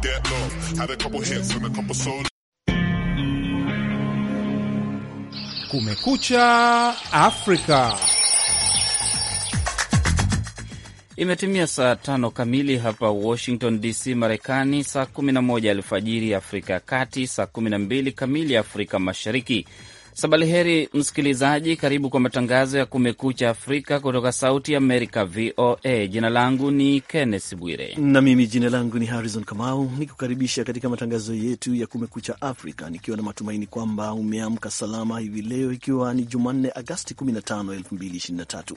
need that love. Had a couple hits and a couple solos. Kumekucha Afrika. Imetimia saa tano kamili hapa Washington DC, Marekani, saa 11 alfajiri Afrika ya Kati, saa 12 kamili Afrika Mashariki. Sabali heri msikilizaji, karibu kwa matangazo ya Kumekucha Afrika kutoka Sauti Amerika, VOA. Jina langu ni Kenneth Bwire na mimi jina langu ni Harrison Kamau, nikukaribisha katika matangazo yetu ya Kumekucha Afrika nikiwa na matumaini kwamba umeamka salama hivi leo, ikiwa ni Jumanne Agasti 15, 2023.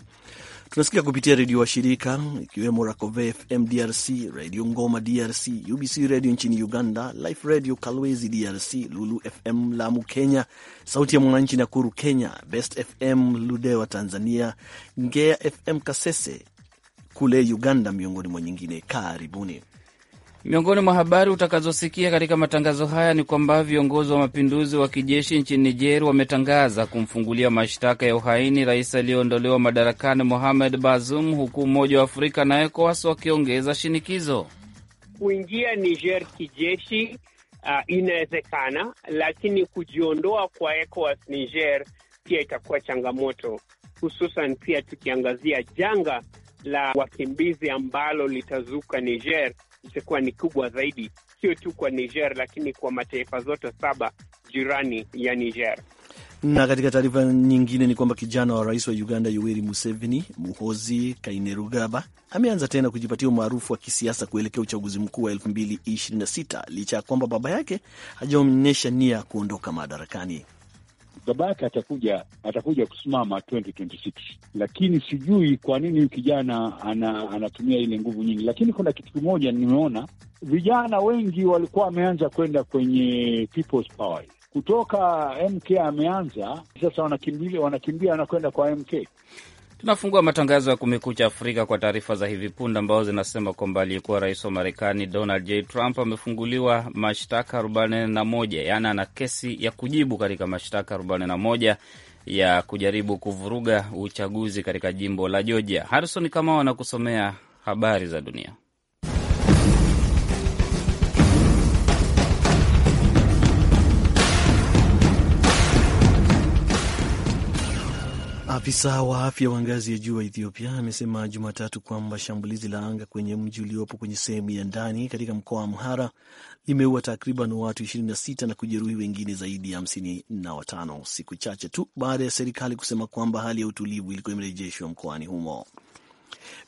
Tunasikia kupitia redio wa shirika ikiwemo Rakove FM DRC, redio Ngoma DRC, UBC redio nchini Uganda, Life radio Kalwezi DRC, Lulu FM Lamu Kenya, Sauti ya Mwananchi Nakuru Kenya, Best FM Ludewa Tanzania, Ngea FM Kasese kule Uganda, miongoni mwa nyingine. Karibuni. Miongoni mwa habari utakazosikia katika matangazo haya ni kwamba viongozi wa mapinduzi wa kijeshi nchini Niger wametangaza kumfungulia mashtaka ya uhaini rais aliyeondolewa madarakani Mohamed Bazoum, huku Umoja wa Afrika na ECOWAS wakiongeza shinikizo. Kuingia Niger kijeshi uh, inawezekana, lakini kujiondoa kwa ECOWAS Niger pia itakuwa changamoto, hususan pia tukiangazia janga la wakimbizi ambalo litazuka Niger itakuwa ni kubwa zaidi, sio tu kwa Niger, lakini kwa mataifa zote saba jirani ya Niger. Na katika taarifa nyingine ni kwamba kijana wa rais wa Uganda Yoweri Museveni, Muhozi Kainerugaba, ameanza tena kujipatia umaarufu wa kisiasa kuelekea uchaguzi mkuu wa 2026 licha ya kwamba baba yake hajaonyesha nia ya kuondoka madarakani. Babake atakuja atakuja kusimama 2026 lakini sijui kwa nini huyu kijana ana, anatumia ile nguvu nyingi. Lakini kuna kitu kimoja nimeona vijana wengi walikuwa wameanza kwenda kwenye people's power kutoka MK ameanza sasa, wanakimbia wanakimbia wanakwenda kwa MK. Tunafungua matangazo ya Kumekucha Afrika kwa taarifa za hivi punde ambazo zinasema kwamba aliyekuwa rais wa Marekani Donald J Trump amefunguliwa mashtaka 41, yaani ana kesi ya kujibu katika mashtaka 41 ya kujaribu kuvuruga uchaguzi katika jimbo la Georgia. Harrison Kamau anakusomea habari za dunia. Afisa wa afya wa ngazi ya juu wa Ethiopia amesema Jumatatu kwamba shambulizi la anga kwenye mji uliopo kwenye sehemu ya ndani katika mkoa wa Amhara limeua takriban watu 26 na kujeruhi wengine zaidi ya 55 na watano siku chache tu baada ya serikali kusema kwamba hali ya utulivu ilikuwa imerejeshwa mkoani humo.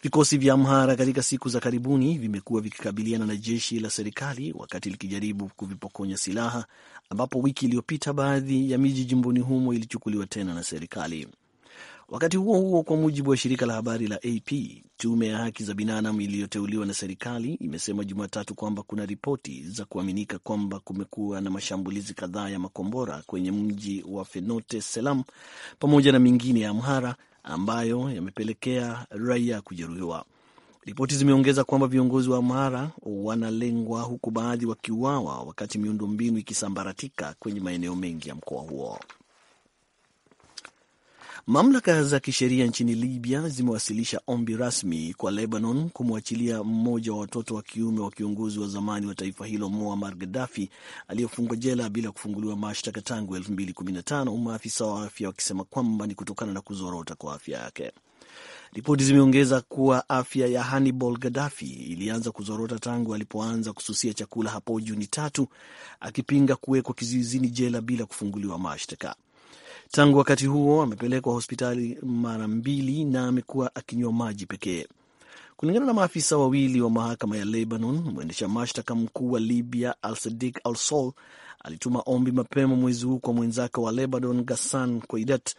Vikosi vya Amhara katika siku za karibuni vimekuwa vikikabiliana na jeshi la serikali wakati likijaribu kuvipokonya silaha, ambapo wiki iliyopita baadhi ya miji jimboni humo ilichukuliwa tena na serikali. Wakati huo huo, kwa mujibu wa shirika la habari la AP, tume ya haki za binadamu iliyoteuliwa na serikali imesema Jumatatu kwamba kuna ripoti za kuaminika kwamba kumekuwa na mashambulizi kadhaa ya makombora kwenye mji wa Fenote Selam pamoja na mingine ya Amhara ambayo yamepelekea raia kujeruhiwa. Ripoti zimeongeza kwamba viongozi wa Amhara wanalengwa huku baadhi wakiuawa, wakati miundombinu ikisambaratika kwenye maeneo mengi ya mkoa huo. Mamlaka za kisheria nchini Libya zimewasilisha ombi rasmi kwa Lebanon kumwachilia mmoja wa watoto wa kiume wa kiongozi wa zamani wa taifa hilo Muammar Gaddafi aliyefungwa jela bila kufunguliwa mashtaka tangu 2015, maafisa wa afya wakisema kwamba ni kutokana na kuzorota kwa afya yake. Ripoti zimeongeza kuwa afya ya Hannibal Gaddafi ilianza kuzorota tangu alipoanza kususia chakula hapo Juni tatu, akipinga kuwekwa kizuizini jela bila kufunguliwa mashtaka. Tangu wakati huo amepelekwa hospitali mara mbili na amekuwa akinywa maji pekee. Kulingana na maafisa wawili wa mahakama ya Lebanon, mwendesha mashtaka mkuu wa Libya Alsadik alsol Al-Sol alituma ombi mapema mwezi huu kwa mwenzake wa Lebanon Gassan Koidat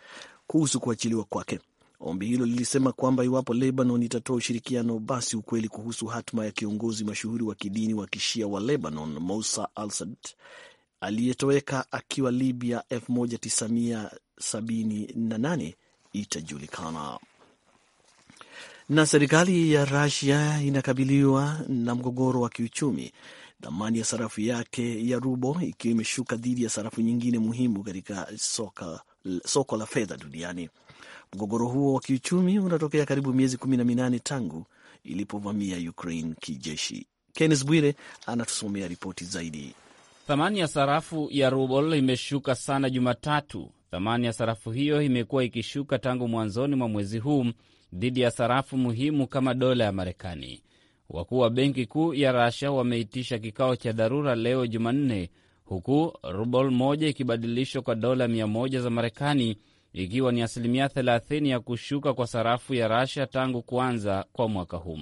kuhusu kuachiliwa kwake. Ombi hilo lilisema kwamba iwapo Lebanon itatoa ushirikiano, basi ukweli kuhusu hatma ya kiongozi mashuhuri wa kidini wa kishia wa Lebanon mosa al aliyetoweka akiwa Libya 78 itajulikana. Na serikali ya rasia inakabiliwa na mgogoro wa kiuchumi, thamani ya sarafu yake ya rubo ikiwa imeshuka dhidi ya sarafu nyingine muhimu katika soko la fedha duniani. Mgogoro huo wa kiuchumi unatokea karibu miezi kumi na minane tangu ilipovamia Ukraine kijeshi. Kennes Bwire anatusomea ripoti zaidi. Thamani ya sarafu ya ruble imeshuka sana Jumatatu Thamani ya sarafu hiyo imekuwa ikishuka tangu mwanzoni mwa mwezi huu dhidi ya sarafu muhimu kama dola ya Marekani. Wakuu wa benki kuu ya Rasha wameitisha kikao cha dharura leo Jumanne, huku rubel moja ikibadilishwa kwa dola mia moja za Marekani, ikiwa ni asilimia 30 ya kushuka kwa sarafu ya Rasha tangu kuanza kwa mwaka huu.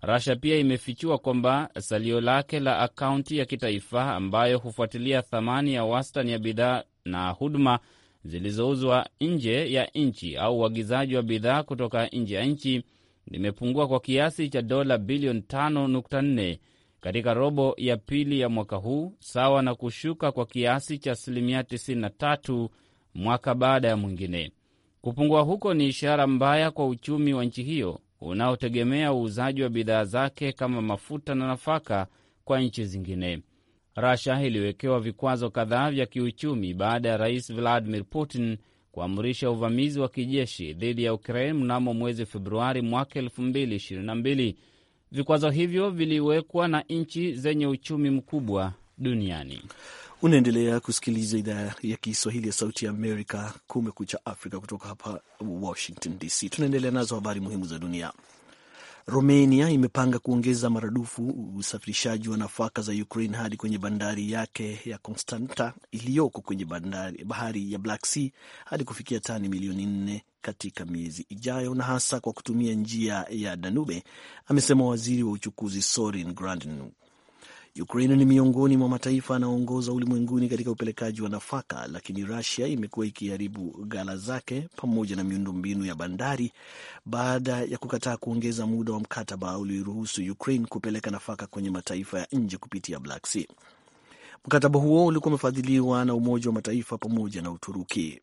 Rasha pia imefichua kwamba salio lake la akaunti ya kitaifa ambayo hufuatilia thamani ya wastani ya bidhaa na huduma zilizouzwa nje ya nchi au uagizaji wa bidhaa kutoka nje ya nchi limepungua kwa kiasi cha dola bilioni 5.4 katika robo ya pili ya mwaka huu, sawa na kushuka kwa kiasi cha asilimia 93 mwaka baada ya mwingine. Kupungua huko ni ishara mbaya kwa uchumi wa nchi hiyo unaotegemea uuzaji wa bidhaa zake kama mafuta na nafaka kwa nchi zingine. Rasha iliwekewa vikwazo kadhaa vya kiuchumi baada ya rais Vladimir Putin kuamrisha uvamizi wa kijeshi dhidi ya Ukraine mnamo mwezi Februari mwaka 2022. Vikwazo hivyo viliwekwa na nchi zenye uchumi mkubwa duniani. Unaendelea kusikiliza idhaa ya Kiswahili ya Sauti ya Amerika, Kumekucha Afrika, kutoka hapa Washington DC. Tunaendelea nazo habari muhimu za dunia. Romania imepanga kuongeza maradufu usafirishaji wa nafaka za Ukraine hadi kwenye bandari yake ya Constanta iliyoko kwenye bandari, bahari ya Black Sea hadi kufikia tani milioni nne katika miezi ijayo na hasa kwa kutumia njia ya Danube, amesema waziri wa uchukuzi Sorin Gradin. Ukraine ni miongoni mwa mataifa yanayoongoza ulimwenguni katika upelekaji wa nafaka, lakini rasia imekuwa ikiharibu ghala zake pamoja na miundombinu ya bandari baada ya kukataa kuongeza muda wa mkataba ulioruhusu Ukraine kupeleka nafaka kwenye mataifa ya nje kupitia Black Sea. Mkataba huo ulikuwa umefadhiliwa na Umoja wa Mataifa pamoja na Uturuki.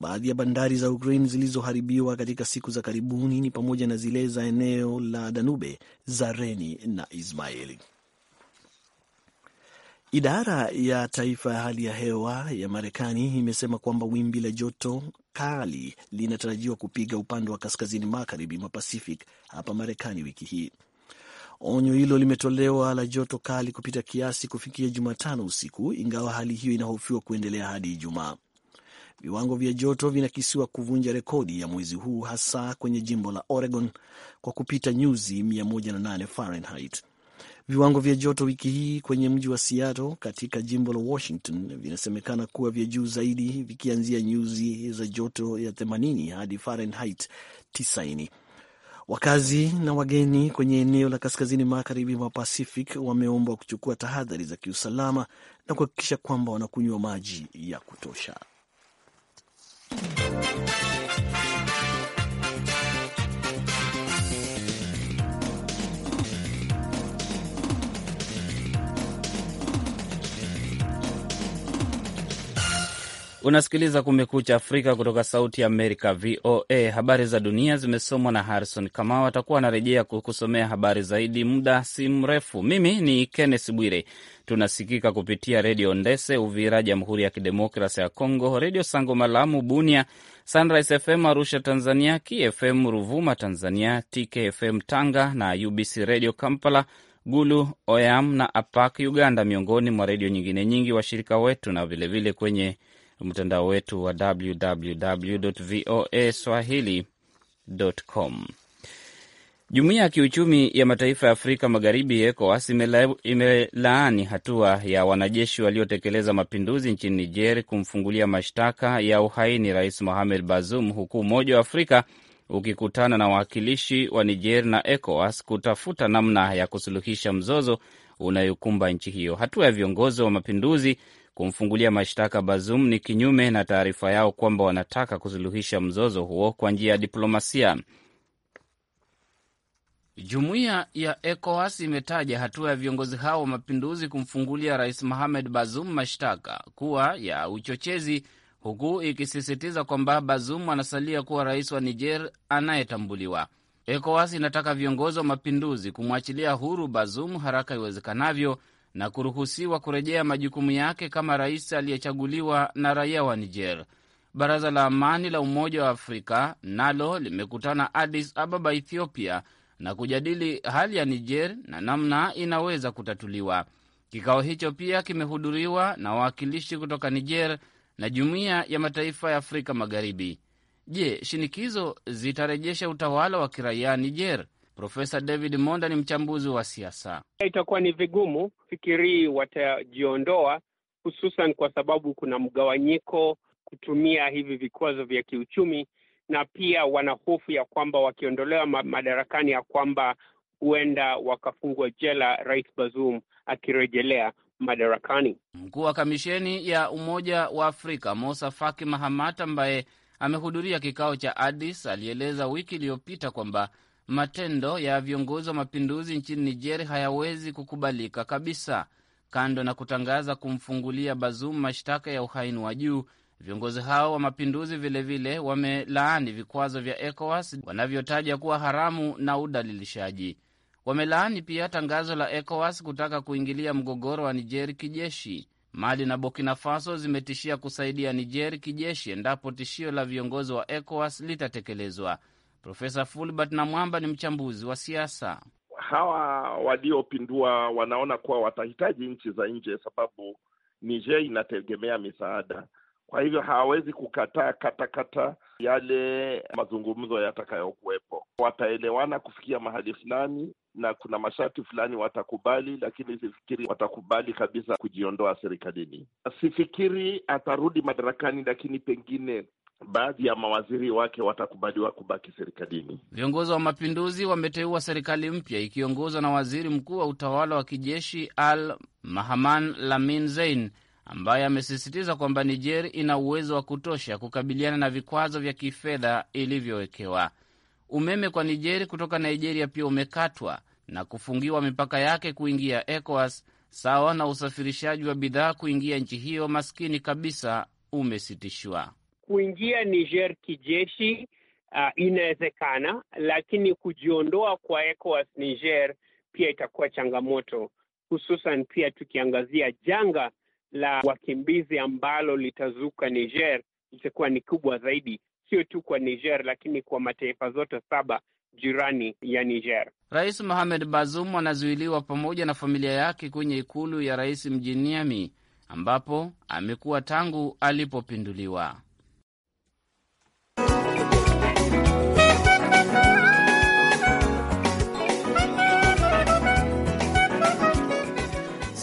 Baadhi ya bandari za Ukraine zilizoharibiwa katika siku za karibuni ni pamoja na zile za eneo la Danube za Reni na Ismaili. Idara ya Taifa ya Hali ya Hewa ya Marekani imesema kwamba wimbi la joto kali linatarajiwa kupiga upande wa kaskazini magharibi mwa Pacific hapa Marekani wiki hii. Onyo hilo limetolewa la joto kali kupita kiasi kufikia Jumatano usiku, ingawa hali hiyo inahofiwa kuendelea hadi Ijumaa. Viwango vya joto vinakisiwa kuvunja rekodi ya mwezi huu, hasa kwenye jimbo la Oregon kwa kupita nyuzi 108 Fahrenheit. Viwango vya joto wiki hii kwenye mji wa Seattle katika jimbo la Washington vinasemekana kuwa vya juu zaidi, vikianzia nyuzi za joto ya 80 hadi Fahrenheit 90. Wakazi na wageni kwenye eneo la kaskazini magharibi mwa Pacific wameombwa kuchukua tahadhari za kiusalama na kuhakikisha kwamba wanakunywa maji ya kutosha. Unasikiliza Kumekucha Afrika kutoka Sauti ya Amerika, VOA. Habari za dunia zimesomwa na Harrison Kamau. Atakuwa anarejea kukusomea habari zaidi muda si mrefu. Mimi ni Kenneth Bwire. Tunasikika kupitia Redio Ndese Uvira, Jamhuri ya Kidemokrasi ya Kongo, Redio Sango Malamu Bunia, Sunrise FM Arusha Tanzania, KFM Ruvuma Tanzania, TKFM Tanga na UBC Redio Kampala, Gulu OYAM na Apak Uganda, miongoni mwa redio nyingine nyingi washirika wetu, na vilevile vile kwenye mtandao wetu wa www voa swahili.com. Jumuiya ya kiuchumi ya mataifa ya Afrika Magharibi, ECOWAS, imelaani hatua ya wanajeshi waliotekeleza mapinduzi nchini Niger kumfungulia mashtaka ya uhaini Rais Mohamed Bazoum, huku Umoja wa Afrika ukikutana na wawakilishi wa Niger na ECOWAS kutafuta namna ya kusuluhisha mzozo unayokumba nchi hiyo. Hatua ya viongozi wa mapinduzi kumfungulia mashtaka Bazoum ni kinyume na taarifa yao kwamba wanataka kusuluhisha mzozo huo kwa njia ya diplomasia. Jumuiya ya ECOWAS imetaja hatua ya viongozi hao wa mapinduzi kumfungulia rais Mohamed Bazoum mashtaka kuwa ya uchochezi, huku ikisisitiza kwamba Bazoum anasalia kuwa rais wa Niger anayetambuliwa. ECOWAS inataka viongozi wa mapinduzi kumwachilia huru Bazoum haraka iwezekanavyo na kuruhusiwa kurejea majukumu yake kama rais aliyechaguliwa na raia wa Niger. Baraza la Amani la Umoja wa Afrika nalo limekutana Addis Ababa, Ethiopia, na kujadili hali ya Niger na namna inaweza kutatuliwa. Kikao hicho pia kimehudhuriwa na wawakilishi kutoka Niger na Jumuiya ya Mataifa ya Afrika Magharibi. Je, shinikizo zitarejesha utawala wa kiraia Niger? Profesa David Monda ni mchambuzi wa siasa. Itakuwa ni vigumu, fikirii watajiondoa, hususan kwa sababu kuna mgawanyiko kutumia hivi vikwazo vya kiuchumi, na pia wana hofu ya kwamba wakiondolewa madarakani, ya kwamba huenda wakafungwa jela, Rais Bazoum akirejelea madarakani. Mkuu wa kamisheni ya Umoja wa Afrika Mosa Faki Mahamat ambaye amehudhuria kikao cha Addis alieleza wiki iliyopita kwamba matendo ya viongozi wa mapinduzi nchini Niger hayawezi kukubalika kabisa. Kando na kutangaza kumfungulia Bazoum mashtaka ya uhaini wa juu, viongozi hao wa mapinduzi vilevile wamelaani vikwazo vya ECOWAS wanavyotaja kuwa haramu na udalilishaji. Wamelaani pia tangazo la ECOWAS kutaka kuingilia mgogoro wa Niger kijeshi. Mali na Burkina Faso zimetishia kusaidia Niger kijeshi endapo tishio la viongozi wa ECOWAS litatekelezwa. Profesa Fulbert Namwamba ni mchambuzi wa siasa. Hawa waliopindua wanaona kuwa watahitaji nchi za nje, sababu Niger inategemea misaada. Kwa hivyo hawawezi kukataa katakata yale mazungumzo yatakayokuwepo. Wataelewana kufikia mahali fulani, na kuna masharti fulani watakubali, lakini sifikiri watakubali kabisa kujiondoa serikalini. Sifikiri atarudi madarakani, lakini pengine baadhi ya mawaziri wake watakubaliwa kubaki serikalini. Viongozi wa mapinduzi wameteua serikali mpya ikiongozwa na waziri mkuu wa utawala wa kijeshi Al Mahaman Lamin Zein ambaye amesisitiza kwamba Niger ina uwezo wa kutosha kukabiliana na vikwazo vya kifedha ilivyowekewa. Umeme kwa Niger kutoka Nigeria pia umekatwa na kufungiwa mipaka yake kuingia ECOWAS, sawa na usafirishaji wa bidhaa kuingia nchi hiyo maskini kabisa umesitishwa kuingia Niger kijeshi uh, inawezekana, lakini kujiondoa kwa ECOWAS Niger pia itakuwa changamoto, hususan pia tukiangazia janga la wakimbizi ambalo litazuka Niger litakuwa ni kubwa zaidi, sio tu kwa Niger lakini kwa mataifa zote saba jirani ya Niger. Rais Mohamed Bazoum anazuiliwa pamoja na familia yake kwenye ikulu ya rais mjini Niamey ambapo amekuwa tangu alipopinduliwa.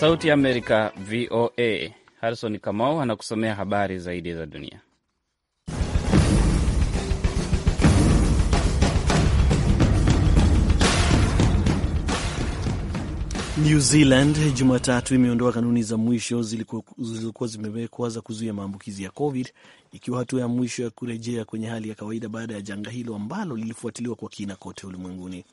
Sauti ya Amerika, VOA. Harison Kamau anakusomea habari zaidi za dunia. New Zealand Jumatatu imeondoa kanuni za mwisho zilizokuwa zimewekwa za kuzuia maambukizi ya COVID, ikiwa hatua ya mwisho ya kurejea kwenye hali ya kawaida baada ya janga hilo ambalo lilifuatiliwa kwa kina kote ulimwenguni.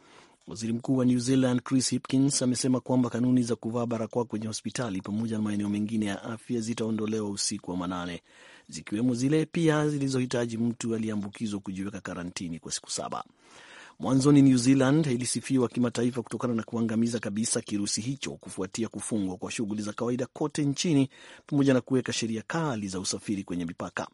Waziri Mkuu wa New Zealand Chris Hipkins amesema kwamba kanuni za kuvaa barakoa kwenye hospitali pamoja na maeneo mengine ya afya zitaondolewa usiku wa manane, zikiwemo zile pia zilizohitaji mtu aliyeambukizwa kujiweka karantini kwa siku saba. Mwanzoni New Zealand ilisifiwa kimataifa kutokana na kuangamiza kabisa kirusi hicho kufuatia kufungwa kwa shughuli za kawaida kote nchini pamoja na kuweka sheria kali za usafiri kwenye mipaka.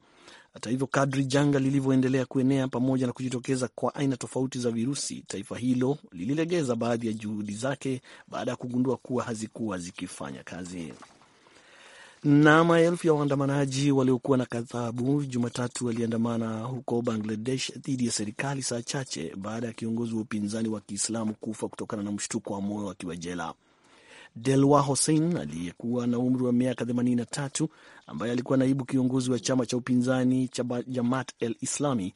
Hata hivyo, kadri janga lilivyoendelea kuenea pamoja na kujitokeza kwa aina tofauti za virusi, taifa hilo lililegeza baadhi ya juhudi zake baada ya kugundua kuwa hazikuwa zikifanya kazi. Na maelfu ya waandamanaji waliokuwa na kadhabu Jumatatu waliandamana huko Bangladesh dhidi ya serikali saa chache baada ya kiongozi wa upinzani wa Kiislamu kufa kutokana na mshtuko wa moyo akiwa jela. Delwa Hossein aliyekuwa na umri wa miaka 83 ambaye alikuwa naibu kiongozi wa chama cha upinzani cha Jamaat el Islami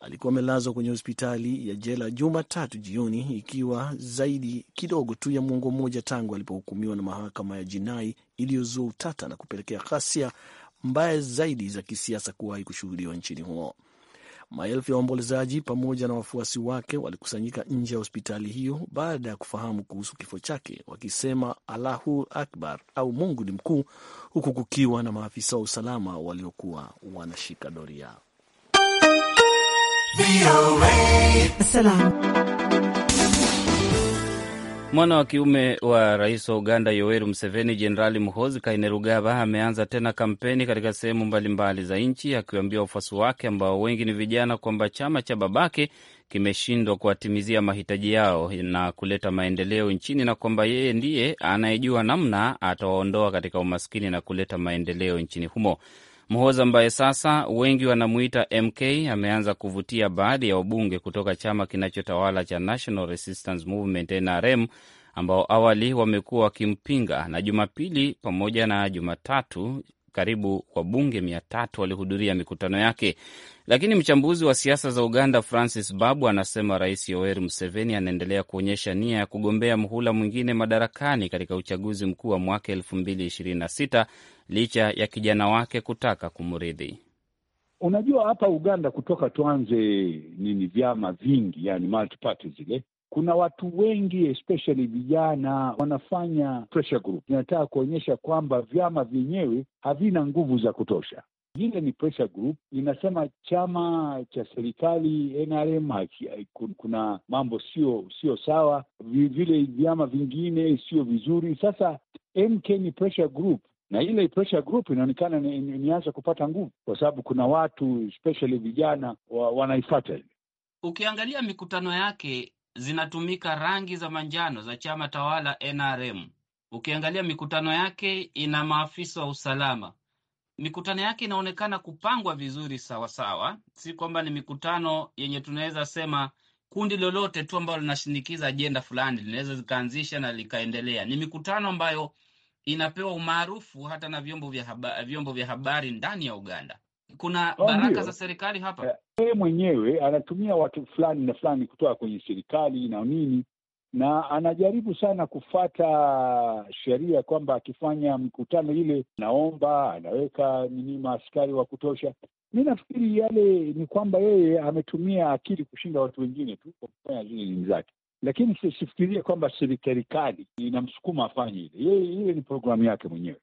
alikuwa amelazwa kwenye hospitali ya jela Jumatatu jioni ikiwa zaidi kidogo tu ya mwongo mmoja tangu alipohukumiwa na mahakama ya jinai iliyozua utata na kupelekea ghasia mbaya zaidi za kisiasa kuwahi kushuhudiwa nchini humo. Maelfu ya waombolezaji pamoja na wafuasi wake walikusanyika nje ya hospitali hiyo baada ya kufahamu kuhusu kifo chake, wakisema Allahu Akbar au Mungu ni mkuu, huku kukiwa na maafisa wa usalama waliokuwa wanashika doria. Mwana wa kiume wa rais wa Uganda Yoweri Museveni, Jenerali mhozi Kainerugaba, ameanza tena kampeni katika sehemu mbalimbali za nchi, akiwaambia wafuasi wake ambao wengi ni vijana kwamba chama cha babake kimeshindwa kuwatimizia mahitaji yao na kuleta maendeleo nchini na kwamba yeye ndiye anayejua namna atawaondoa katika umaskini na kuleta maendeleo nchini humo. Muhoza ambaye sasa wengi wanamuita MK ameanza kuvutia baadhi ya wabunge kutoka chama kinachotawala cha National Resistance Movement NRM ambao awali wamekuwa wakimpinga, na Jumapili pamoja na Jumatatu karibu wabunge mia tatu walihudhuria mikutano yake. Lakini mchambuzi wa siasa za Uganda Francis Babu anasema Rais Yoweri Museveni anaendelea kuonyesha nia ya kugombea mhula mwingine madarakani katika uchaguzi mkuu wa mwaka elfu mbili ishirini na sita licha ya kijana wake kutaka kumridhi. Unajua, hapa Uganda kutoka tuanze nini vyama vingi, yani multi zile kuna watu wengi especially vijana wanafanya pressure group, inataka kuonyesha kwamba vyama vyenyewe havina nguvu za kutosha. Ile ni pressure group inasema chama cha serikali NRM kuna mambo sio sio sawa, vile vyama vingine sio vizuri. Sasa MK ni pressure group na ile pressure group inaonekana imeanza kupata nguvu, kwa sababu kuna watu especially vijana wa, wanaifata. Ukiangalia mikutano yake zinatumika rangi za manjano za chama tawala NRM. Ukiangalia mikutano yake ina maafisa wa usalama, mikutano yake inaonekana kupangwa vizuri sawasawa, si kwamba ni mikutano yenye tunaweza sema kundi lolote tu ambalo linashinikiza ajenda fulani linaweza zikaanzisha na likaendelea. Ni mikutano ambayo inapewa umaarufu hata na vyombo vya habari, vyombo vya habari ndani ya Uganda. Kuna oh, baraka za serikali hapa, eh, yeye mwenyewe anatumia watu fulani na fulani kutoka kwenye serikali na nini, na anajaribu sana kufata sheria kwamba akifanya mkutano ile, naomba anaweka nini, maaskari wa kutosha. Mi nafikiri yale ni kwamba yeye ametumia akili kushinda watu wengine tu kwa kufanya zile zake lakini sifikirie kwamba serikali kali inamsukuma afanye ile. Yeye ile ni programu yake mwenyewe.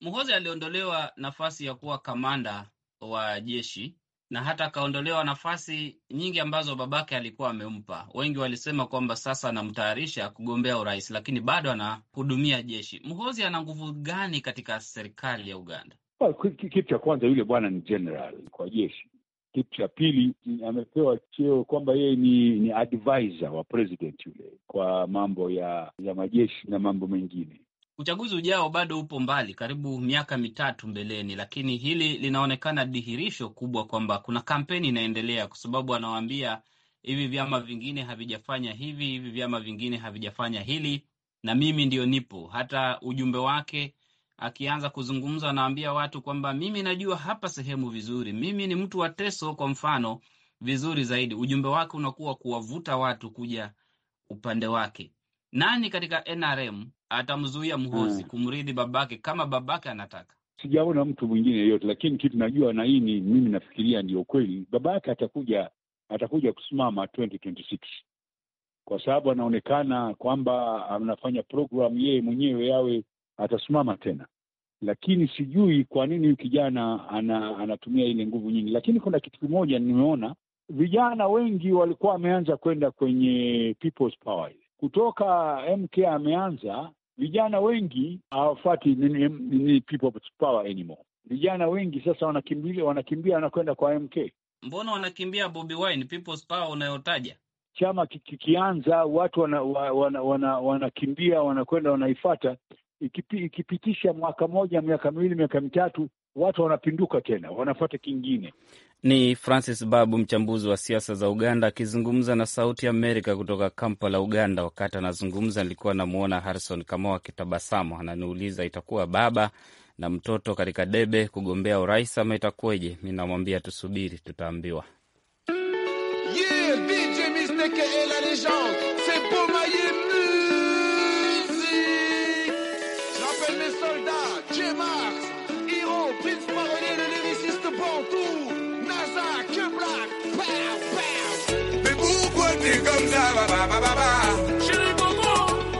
mhozi aliondolewa nafasi ya kuwa kamanda wa jeshi na hata akaondolewa nafasi nyingi ambazo babake alikuwa amempa. Wengi walisema kwamba sasa anamtayarisha kugombea urais, lakini bado anahudumia jeshi. mhozi ana nguvu gani katika serikali ya Uganda? Kitu cha kwanza, yule bwana ni general kwa jeshi kitu cha pili, amepewa cheo kwamba yeye ni ni advisor wa president yule kwa mambo ya ya majeshi na mambo mengine. Uchaguzi ujao bado upo mbali, karibu miaka mitatu mbeleni, lakini hili linaonekana dhihirisho kubwa kwamba kuna kampeni inaendelea, kwa sababu anawaambia hivi vyama vingine havijafanya hivi, hivi vyama vingine havijafanya hili, na mimi ndio nipo. Hata ujumbe wake Akianza kuzungumza, anaambia watu kwamba mimi najua hapa sehemu vizuri, mimi ni mtu wa Teso kwa mfano vizuri zaidi. Ujumbe wake unakuwa kuwavuta watu kuja upande wake. Nani katika NRM atamzuia Mhozi hmm, kumrithi babake kama babake anataka? Sijaona mtu mwingine yeyote, lakini kitu najua na hii ni mimi nafikiria ndio kweli, babake atakuja, atakuja kusimama 2026 kwa sababu anaonekana kwamba anafanya programu yeye mwenyewe, yawe atasimama tena, lakini sijui kwa nini huyu kijana ana, anatumia ile nguvu nyingi. Lakini kuna kitu kimoja nimeona vijana wengi walikuwa wameanza kwenda kwenye people's power kutoka MK ameanza, vijana wengi hawafati nini, people's power anymore. Vijana wengi sasa wanakimbia wanakimbia wanakwenda kwa MK. Mbona wanakimbia Bobi Wine? People's power unayotaja chama kikianza, watu wanakimbia wana, wana, wana, wana wanakwenda wanaifata ikipi, ikipitisha mwaka moja miaka miwili miaka mitatu watu wanapinduka tena wanafuata kingine. Ni Francis Babu, mchambuzi wa siasa za Uganda, akizungumza na Sauti ya Amerika kutoka Kampala, Uganda. Wakati anazungumza, nilikuwa namwona Harrison Kamau akitabasamu, ananiuliza itakuwa baba na mtoto katika debe kugombea urais ama itakuweje? Mi namwambia tusubiri, tutaambiwa yeah, DJ,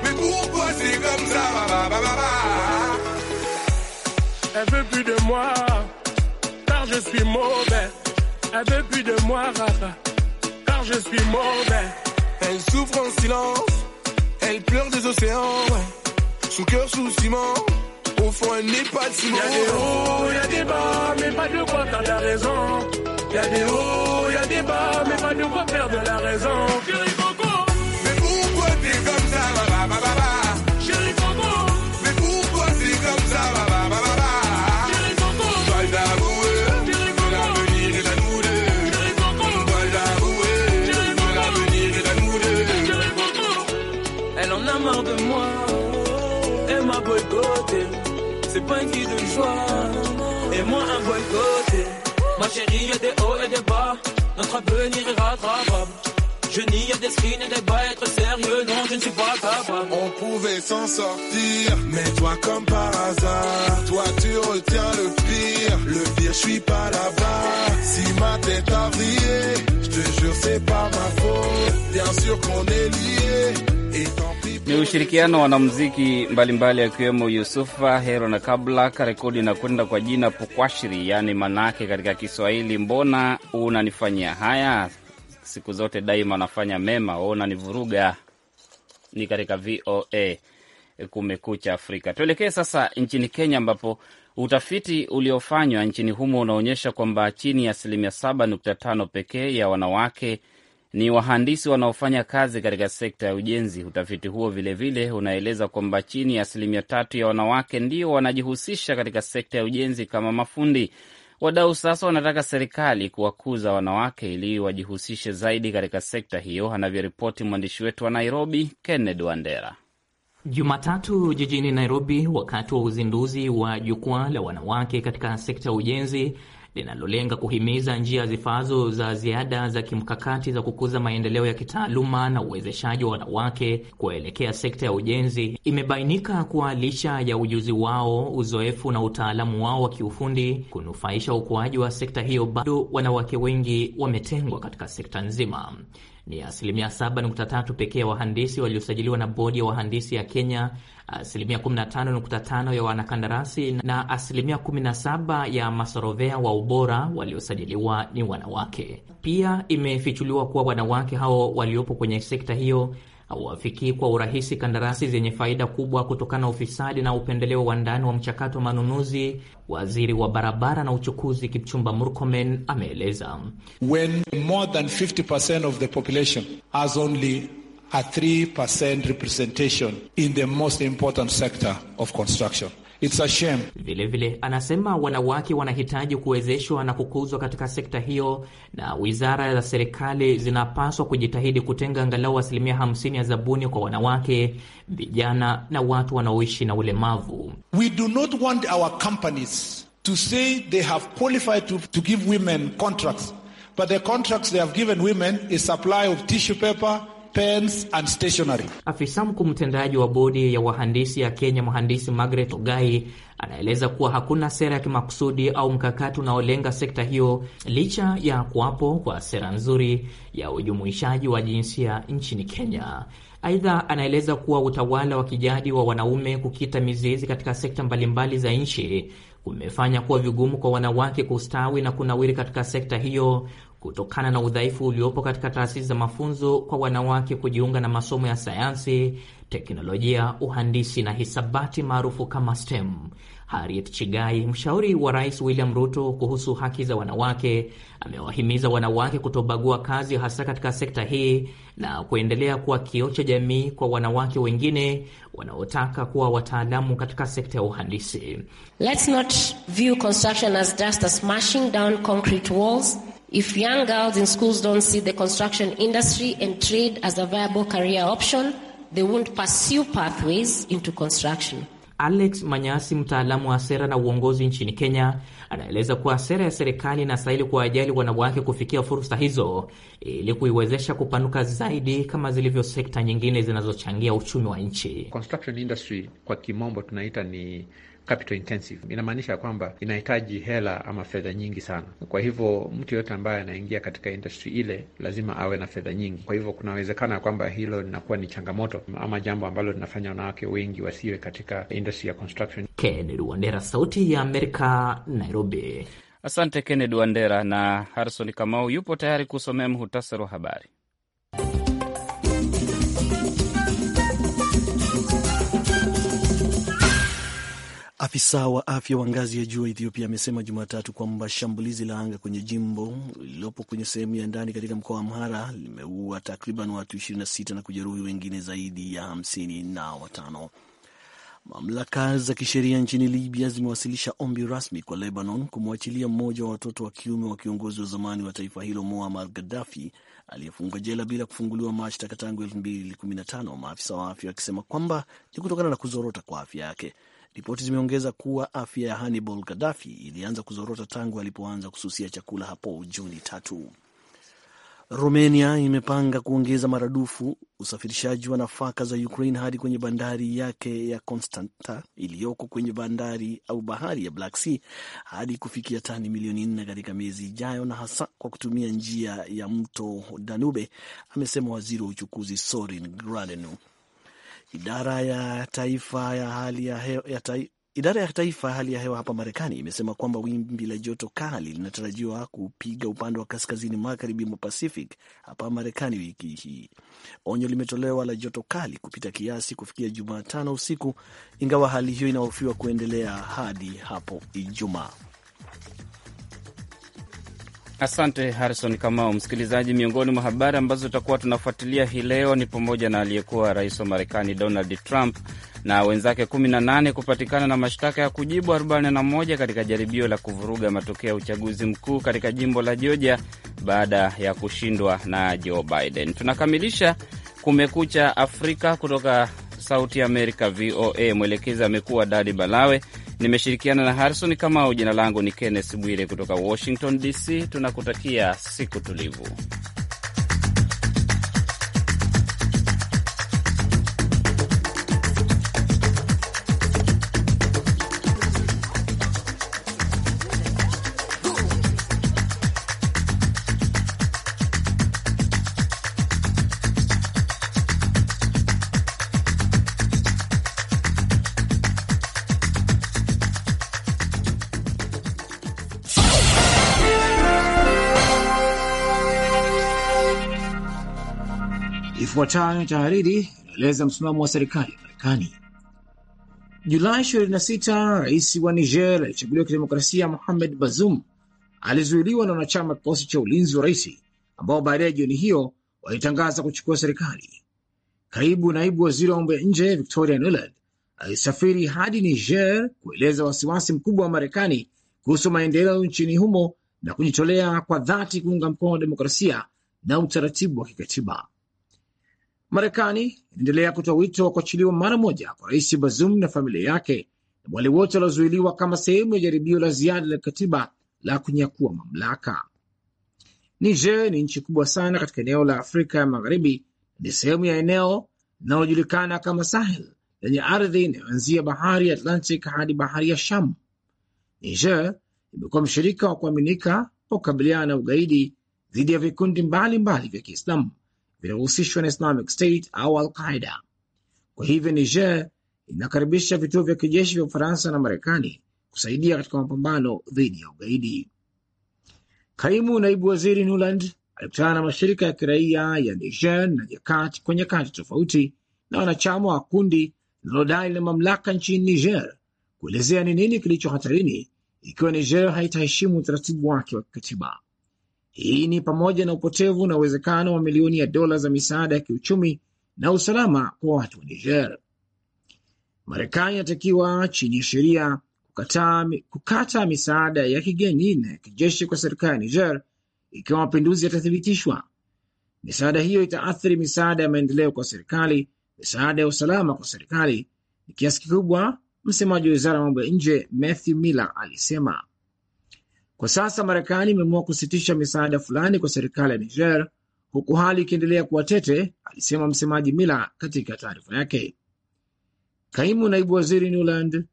Mais comme ça Elle veut plus de moi, car je suis mauvais. Elle veut plus de moi, car je suis mauvais. Elle souffre en silence, elle pleure des océans. Sous cœur, sous ciment, au fond elle n'est pas si a des hauts, y'a des bas, mais pas de quoi de la raison. Y'a des hauts, a des bas, mais pas de quoi perdre la raison. C'est pas une de joie, et moi un boycotté. Ma chérie, des hauts et des bas, notre avenir Je n'y ai des screens et des bas, être sérieux, non, je ne suis pas capable. On pouvait s'en sortir, mais toi comme par hasard, toi tu retiens le pire, le pire, je suis pas là-bas. Si ma tête a brillé, je te jure, c'est pas ma faute, bien sûr qu'on est liés. Ni ushirikiano wa wanamuziki mbalimbali akiwemo Yusufa Hero na Kablaka. Rekodi inakwenda kwa jina Pukwashiri, yaani manake katika Kiswahili, mbona unanifanyia haya? siku zote daima anafanya mema, waona ni vuruga ni katika VOA Kumekucha Afrika. Tuelekee sasa nchini Kenya, ambapo utafiti uliofanywa nchini humo unaonyesha kwamba chini ya asilimia 7.5 pekee ya wanawake ni wahandisi wanaofanya kazi katika sekta ya ujenzi. Utafiti huo vilevile vile unaeleza kwamba chini ya asilimia tatu ya wanawake ndio wanajihusisha katika sekta ya ujenzi kama mafundi. Wadau sasa wanataka serikali kuwakuza wanawake ili wajihusishe zaidi katika sekta hiyo, anavyoripoti mwandishi wetu wa Nairobi, Kennedy Wandera. Jumatatu jijini Nairobi, wakati wa uzinduzi wa jukwaa la wanawake katika sekta ya ujenzi, linalolenga kuhimiza njia zifaazo za ziada za kimkakati za kukuza maendeleo ya kitaaluma na uwezeshaji wa wanawake kuelekea sekta ya ujenzi. Imebainika kuwa licha ya ujuzi wao, uzoefu na utaalamu wao wa kiufundi kunufaisha ukuaji wa sekta hiyo, bado wanawake wengi wametengwa katika sekta nzima. Ni asilimia 7.3 pekee ya wahandisi waliosajiliwa na bodi ya wahandisi ya Kenya asilimia 15.5 ya wanakandarasi na asilimia 17 ya masorovea wa ubora waliosajiliwa ni wanawake. Pia imefichuliwa kuwa wanawake hao waliopo kwenye sekta hiyo hawafikii kwa urahisi kandarasi zenye faida kubwa kutokana na ufisadi na upendeleo wa ndani wa mchakato wa manunuzi. Waziri wa barabara na uchukuzi Kipchumba Murkomen ameeleza, When more than 50% of the population has only a 3% representation in the most important sector of construction. It's a shame. Vile vile anasema wanawake wanahitaji kuwezeshwa na kukuzwa katika sekta hiyo, na wizara za serikali zinapaswa kujitahidi kutenga angalau asilimia 50 ya zabuni kwa wanawake, vijana na watu wanaoishi na ulemavu. We do not want our companies to say they have qualified to, to give women contracts, but the contracts they have given women is supply of tissue paper pens and stationery. Afisa mkuu mtendaji wa bodi ya wahandisi ya Kenya, mhandisi Margaret Ogai, anaeleza kuwa hakuna sera ya kimakusudi au mkakati unaolenga sekta hiyo licha ya kuwapo kwa sera nzuri ya ujumuishaji wa jinsia nchini Kenya. Aidha, anaeleza kuwa utawala wa kijadi wa wanaume kukita mizizi katika sekta mbalimbali za nchi kumefanya kuwa vigumu kwa wanawake kustawi na kunawiri katika sekta hiyo, kutokana na udhaifu uliopo katika taasisi za mafunzo kwa wanawake kujiunga na masomo ya sayansi, teknolojia, uhandisi na hisabati maarufu kama STEM. Harriet Chigai, mshauri wa Rais William Ruto kuhusu haki za wanawake, amewahimiza wanawake kutobagua kazi hasa katika sekta hii na kuendelea kuwa kioo cha jamii kwa wanawake wengine wanaotaka kuwa wataalamu katika sekta ya uhandisi. Let's not view construction as just a smashing down concrete walls. If young girls in schools don't see the construction industry and trade as a viable career option, they won't pursue pathways into construction. Alex Manyasi, mtaalamu wa sera na uongozi nchini Kenya, anaeleza kuwa sera ya serikali inastahili kuwajali wanawake kufikia fursa hizo ili kuiwezesha kupanuka zaidi kama zilivyo sekta nyingine zinazochangia uchumi wa nchi. Construction industry kwa kimombo tunaita ni capital intensive, inamaanisha kwamba inahitaji hela ama fedha nyingi sana. Kwa hivyo mtu yoyote ambaye anaingia katika industry ile lazima awe na fedha nyingi. Kwa hivyo kunawezekana kwamba hilo linakuwa ni changamoto ama jambo ambalo linafanya wanawake wengi wasiwe katika industry ya construction. Wandera, Sauti ya Amerika, Nairobi. Asante Kennedy Wandera. Na Harison Kamau yupo tayari kusomea muhutasari wa habari. Afisa wa afya wa ngazi ya juu wa Ethiopia amesema Jumatatu kwamba shambulizi la anga kwenye jimbo lililopo kwenye sehemu ya ndani katika mkoa wa Amhara limeua takriban watu 26 na kujeruhi wengine zaidi ya hamsini na watano. Mamlaka za kisheria nchini Libya zimewasilisha ombi rasmi kwa Lebanon kumwachilia mmoja wa watoto wa kiume wa kiongozi wa zamani wa taifa hilo Muammar Gaddafi aliyefungwa jela bila kufunguliwa mashtaka tangu 2015, maafisa wa afya wakisema kwamba ni kutokana na kuzorota kwa afya yake. Ripoti zimeongeza kuwa afya ya Hannibal Gaddafi ilianza kuzorota tangu alipoanza kususia chakula hapo Juni tatu. Romania imepanga kuongeza maradufu usafirishaji wa nafaka za Ukraine hadi kwenye bandari yake ya Constanta iliyoko kwenye bandari au bahari ya Black Sea hadi kufikia tani milioni nne katika miezi ijayo, na hasa kwa kutumia njia ya mto Danube, amesema waziri wa uchukuzi Sorin granenu Idara ya taifa ya hali ya hewa ya taifa Idara ya taifa ya hali ya hewa hapa Marekani imesema kwamba wimbi la joto kali linatarajiwa kupiga upande wa kaskazini magharibi mwa Pacific hapa Marekani wiki hii. Onyo limetolewa la joto kali kupita kiasi kufikia Jumatano usiku, ingawa hali hiyo inahofiwa kuendelea hadi hapo Ijumaa. Asante Harrison Kamau. Msikilizaji, miongoni mwa habari ambazo tutakuwa tunafuatilia hii leo ni pamoja na aliyekuwa rais wa Marekani Donald Trump na wenzake 18 kupatikana na mashtaka ya kujibu 41 katika jaribio la kuvuruga matokeo ya uchaguzi mkuu katika jimbo la Georgia baada ya kushindwa na Joe Biden. Tunakamilisha Kumekucha Afrika kutoka Sauti Amerika, VOA. Mwelekezi amekuwa Dadi Balawe. Nimeshirikiana na Harrison Kamau. Jina langu ni Kenneth Bwire kutoka Washington DC. Tunakutakia siku tulivu. Ifuatayo tahariri inaeleza msimamo wa serikali ya Marekani. Julai 26, rais wa Niger alichaguliwa kidemokrasia Mohamed Bazoum alizuiliwa na wanachama kikosi cha ulinzi wa rais ambao baadaye jioni hiyo walitangaza kuchukua serikali. karibu naibu waziri wa mambo ya nje Victoria Nuland alisafiri hadi Niger kueleza wasiwasi mkubwa wa Marekani kuhusu maendeleo nchini humo na kujitolea kwa dhati kuunga mkono demokrasia na utaratibu wa kikatiba. Marekani inaendelea kutoa wito wa kuachiliwa mara moja kwa Rais Bazoum na familia yake na wale wote waliozuiliwa kama sehemu ya jaribio la ziada la katiba la kunyakua mamlaka. Niger ni nchi kubwa sana katika eneo la Afrika ya Magharibi. Ni sehemu ya eneo linalojulikana kama Sahel lenye ardhi inayoanzia bahari ya Atlantic hadi bahari ya sham Niger imekuwa mshirika wa kuaminika wa kukabiliana na ugaidi dhidi ya vikundi mbalimbali vya Kiislamu vinavyohusishwa na Islamic State au Al-Qaida. Kwa hivyo Niger inakaribisha vituo vya kijeshi vya Ufaransa na Marekani kusaidia katika mapambano dhidi ya ugaidi. Kaimu naibu waziri Nuland alikutana na mashirika ya kiraia ya Niger na Jakat kwa nyakati tofauti na wanachama wa kundi linalodai na mamlaka nchini Niger kuelezea ni nini kilicho hatarini ikiwa Niger haitaheshimu utaratibu wake wa kikatiba. Hii ni pamoja na upotevu na uwezekano wa milioni ya dola za misaada ya kiuchumi na usalama kwa watu wa Niger. Marekani inatakiwa chini ya sheria kukata, kukata misaada ya kigeni na ya kijeshi kwa serikali ya Niger ikiwa mapinduzi yatathibitishwa. Misaada hiyo itaathiri misaada ya maendeleo kwa serikali, misaada ya usalama kwa serikali ni kiasi kikubwa, msemaji wa wizara ya mambo ya nje Matthew Miller alisema. Kwa sasa Marekani imeamua kusitisha misaada fulani kwa serikali ya Niger huku hali ikiendelea kuwa tete, alisema msemaji Mila katika taarifa yake. Kaimu naibu waziri Newland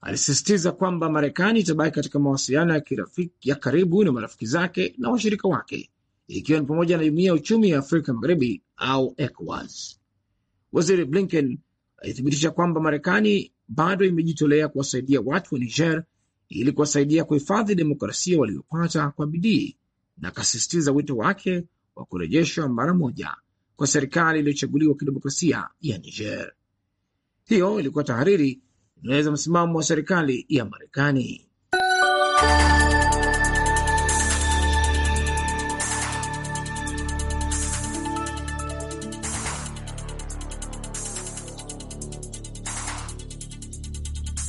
alisisitiza kwamba Marekani itabaki katika mawasiliano ya kirafiki ya karibu na marafiki zake na washirika wake, ikiwa ni pamoja na Jumuiya ya Uchumi ya Afrika Magharibi au ECOWAS. Waziri Blinken alithibitisha kwamba Marekani bado imejitolea kuwasaidia watu wa Niger ili kuwasaidia kuhifadhi demokrasia waliyopata kwa bidii, na akasisitiza wito wake wa kurejeshwa mara moja kwa serikali iliyochaguliwa kidemokrasia ya Niger. Hiyo ilikuwa tahariri, inaeleza msimamo wa serikali ya Marekani.